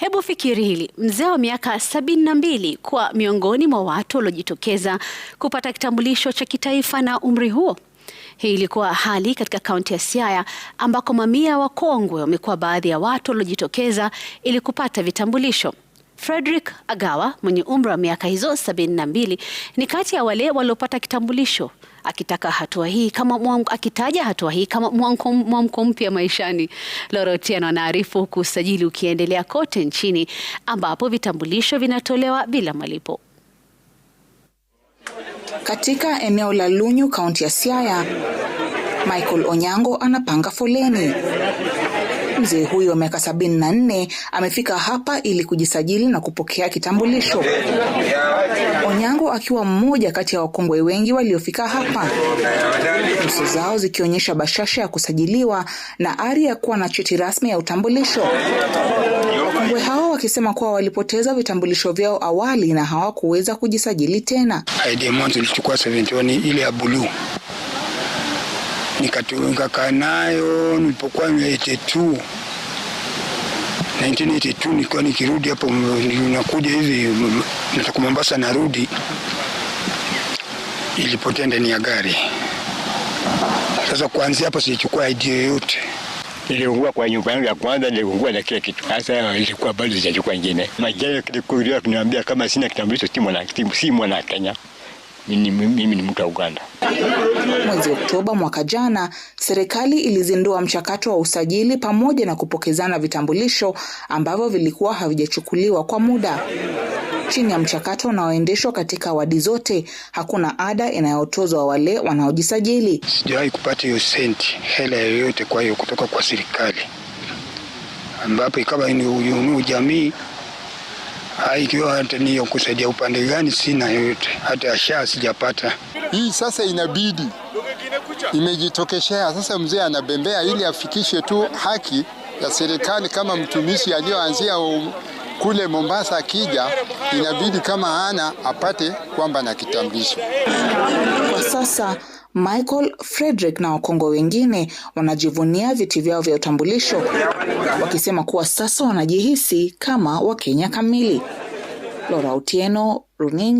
Hebu fikiri hili, mzee wa miaka sabini na mbili kuwa miongoni mwa watu waliojitokeza kupata kitambulisho cha kitaifa na umri huo. Hii ilikuwa hali katika kaunti ya Siaya ambako mamia wakongwe wamekuwa baadhi ya watu waliojitokeza ili kupata vitambulisho. Frederick Agawa mwenye umri wa miaka hizo sabini na mbili ni kati ya wale waliopata kitambulisho akitaka hatua hii kama mwamko, akitaja hatua hii kama mwamko mpya maishani. Laura Otieno anaarifu huku usajili ukiendelea kote nchini ambapo vitambulisho vinatolewa bila malipo. Katika eneo la Lunyu, kaunti ya Siaya, Michael Onyango anapanga foleni Mzee huyo wa miaka sabini na nne amefika hapa ili kujisajili na kupokea kitambulisho. Onyango akiwa mmoja kati ya wakongwe wengi waliofika hapa, nyuso zao zikionyesha bashasha ya kusajiliwa na ari ya kuwa na cheti rasmi ya utambulisho. Wakongwe hao wakisema kuwa walipoteza vitambulisho vyao awali na hawakuweza kujisajili tena. Ilichukua 71 ile ya buluu nikatunga nayo nilipokuwa miaka tu 1982 nikiwa nikirudi hapo, nakuja hivi natoka Mombasa narudi, ilipotea ndani ya gari. Sasa kuanzia hapo sijachukua idea yoyote. Niliungua kwa nyumba yangu ya kwanza, niliungua na kile kitu. Sasa ilikuwa bado sijachukua nyingine. majayo kilikuwa kuniambia kama sina kitambulisho si mwana Kenya mimi ni mtu wa Uganda. Mwezi Oktoba mwaka jana, serikali ilizindua mchakato wa usajili pamoja na kupokezana vitambulisho ambavyo vilikuwa havijachukuliwa kwa muda. Chini ya mchakato unaoendeshwa katika wadi zote, hakuna ada inayotozwa wale wanaojisajili. Sijawahi kupata hiyo senti, hela yoyote, kwa hiyo kutoka kwa serikali, ambapo ikawa ni ujamii ikiwa hata niyo kusaidia upande gani, sina yoyote, hata shaa sijapata. Hii sasa inabidi imejitokeshea sasa, mzee anabembea ili afikishe tu haki ya serikali. Kama mtumishi aliyoanzia um, kule Mombasa, akija inabidi kama hana apate kwamba na kitambulisho. Kwa sasa Michael Frederick na Wakongo wengine wanajivunia vyeti vyao vya utambulisho wakisema kuwa sasa wanajihisi kama Wakenya kamili. Lorautieno Utieno, runinga.